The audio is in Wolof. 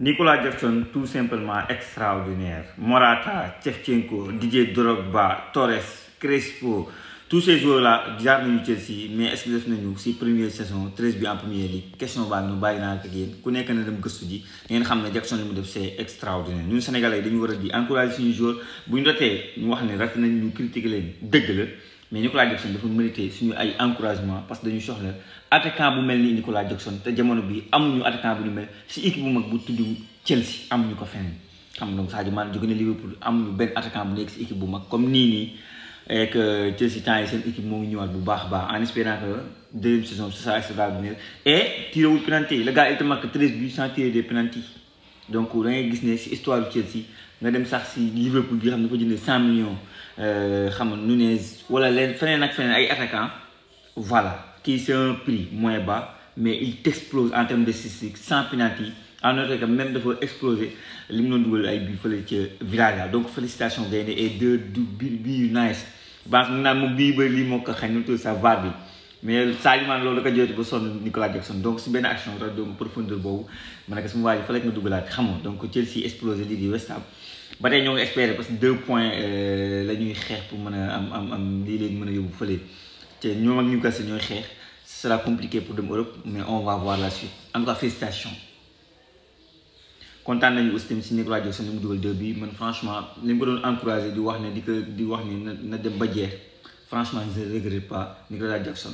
Nicolas Jackson tout simplement extraordinaire Morata Shevchenko Didier Drogba Torres Crespo tout ces joueurs là jaar nañu Chelsea mais est-ce que def nañu si première saison treize bi en première ligue question baa nu bàyyi naa ak yéen ku nekk na dem gëstu ji ngeen xam ne Jackson li def c'est extraordinaire ñun Sénégalais dañu war a di encourager suñu joueur bu ñu ratee ñu wax ni rat nañu ñu critiquer leen dëgg la mais Nicolas Jackson dafa mérité suñu ay encouragement parce que dañu soxla attaquant bu melni ni Nicolas Jackson té jamono bi amuñu attaquant bu ñu mel si équipe bu mag bu tudd Chelsea amuñu ko fenn xam nga donc Sadio Mané jóge Liverpool amuñu ben attaquant bu nek ci équipe bu mag comme nii nii et Chelsea temps seen équipe mo ngi ñëwaat bu baax a baax en espérant que deuxième saison ce sera venir et tiré wul penalty le gars il te marque 13 buts sans tirer des penalty donc da ngay gis ne si histoire du Chelsea nga dem sax si Liverpool bi nga xam ne dafa jëndee cent millions euh, xam nga Nunez wala leen feneen ak feneen ay attaquants voilà kii c'est un prix moins bas mais il t'explose en termes de statistiques sans penalty en notre cas même dafa exploser li mu doon dugal ay bi fële ca Villarreal donc félicitations gaynde et deux du bi bii nice baax na naan moom bii ba lii moo ko xañ na tout ça va bi mais Sadio Mané loolu da ko jooytu ba sonn Nicolas Jackson donc si benn action rek donc profondeur boobu ma ne ko sama waa ji fa lekk nga duggalaat xam donc Chelsea explosé lii di West Ham ba tey ñoo ngi espérer parce que deux points euh, la ñuy xeex pour mën a am am am lii leen mën a yóbbu fële te ñoom ak Newcastle ñooy xeex ce sera compliqué pour dem Europe mais on va voir la suite en tout cas félicitations kontaan nañu aussi tamit si Nicolas Jackson li mu dugal deux bi man franchement li mu ko doon encouragé di wax ne di ko di wax ne na dem ba jeex. franchement, je ne regrette pas Nicolas Jackson.